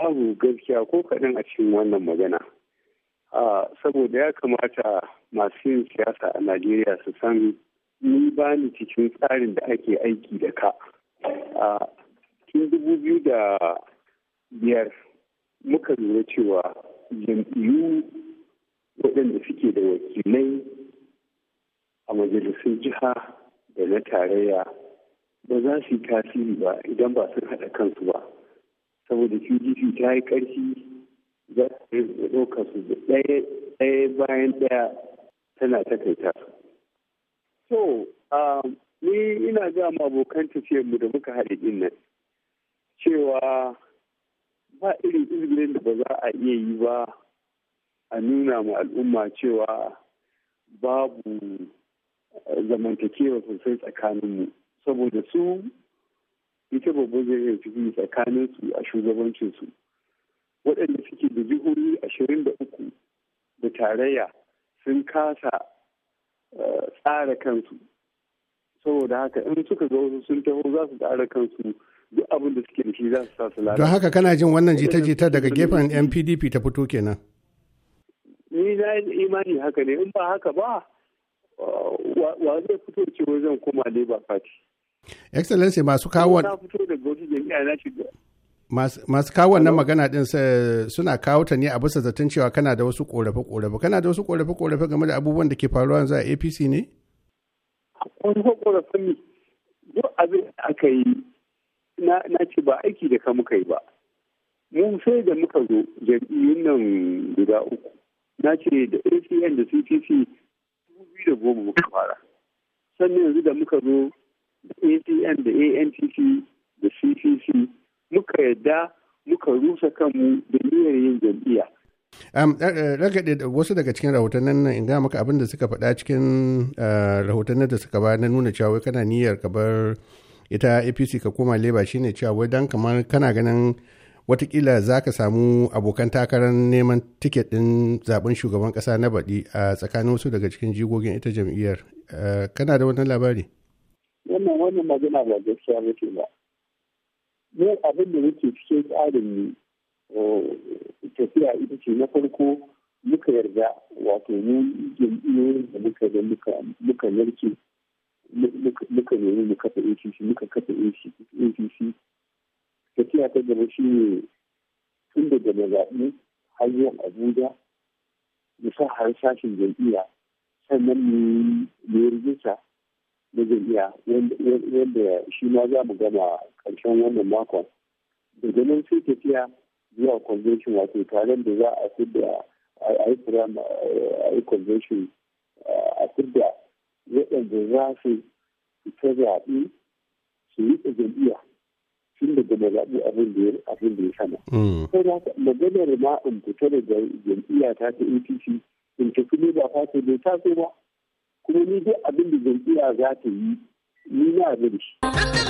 babu gaskiya ko kaɗan a cikin wannan magana saboda ya kamata masu yin siyasa a najeriya su san ni ba ni cikin tsarin da ake aiki da ka tun dubu biyu da biyar muka lura cewa jam'iyyu waɗanda suke da wakilai a majalisun jiha da na tarayya ba za su yi tasiri ba idan ba sun haɗa kansu ba da pdp ta yi karfi za ta yi su ɗaya bayan ɗaya tana takaita ta so um, ni ina ga ma abokan mu da muka haɗe ɗin nan cewa ba irin izgirin da ba za a iya yi ba a nuna ma al'umma cewa babu eh, zamantakewa sosai tsakaninmu saboda su ita babban iya ciki tsakanin su a shugabancin su waɗanda suke da jihohi ashirin da uku da tarayya sun kasa eh, tsara kansu saboda haka in suka ga sun taho za su tsara kansu duk abin da suke da shi za su sa su lalata. Don haka kana jin wannan jita-jita daga gefen NPDP ta fito kenan. Ni na yi imani haka ne in ba haka ba eh, wa zai fito ce wajen koma Labour Party. excellency masu kawo masu kawo wannan magana din eh, suna kawo ta ne a bisa zaton cewa kana da wasu korafe-korafe kana da wasu korafe-korafe game da abubuwan da ke faruwa yanzu a apc ne? akwai korafe ne duk abin da aka yi na ce ba aiki da ka muka yi ba mu sai da muka zo jam'iyyun nan guda uku na ce da acn da ctc dubu biyu da goma muka fara sannan yanzu da muka zo da acn da antc da ccc muka yadda muka rusa kanmu da niyyar yin jam'iyya eh, eh, ragaɗe wasu daga cikin rahotannin nan in ga maka abin da suka faɗa cikin eh, rahotannin da suka ba na nuna cewa kana niyyar ka bar ita apc ka koma leba shine cewa wai dan kamar kana ganin watakila za ka samu abokan takarar neman tiket ɗin zaben shugaban ƙasa na baɗi a tsakanin wasu daga cikin jigogin ita jam'iyyar kana da wannan labari wannan wannan magana ba gaskiya ba ce ba mu abin da yake cikin tsarin eh, tafiya ita ce na farko muka yarda wato mu jam'iyyoyin da muka da muka yarke muka nemi mu kafa ACC muka kafa ACC tafiya ta gaba shi ne tun daga mazaɓi har yau Abuja mu sa har sashin jam'iyya sannan mu yi rijista na iya wanda shi ma za mu gama karshen wannan makon daga nan sai tafiya zuwa convention wato taron da za a fi da yi a yi convention a fidda waɗanda za su ta zaɓe su yi jami'a tun daga na zaɓi abin da ya sama. Sai na maganar ma fita jam'iyya ta ta APC in tafi ne ba fata ta taso ba. kuma ni dai abin da jam'iyya za ta yi ni na da shi.